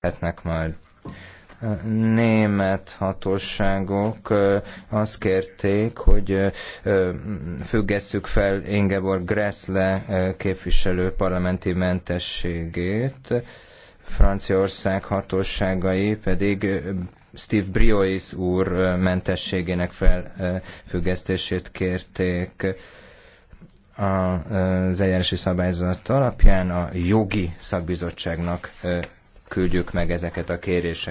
lehetnek majd. Német hatóságok azt kérték, hogy függesszük fel Ingeborg Gressle képviselő parlamenti mentességét, Franciaország hatóságai pedig Steve Briois úr mentességének felfüggesztését kérték az eljárási szabályzat alapján a jogi szakbizottságnak küldjük meg ezeket a kéréseket.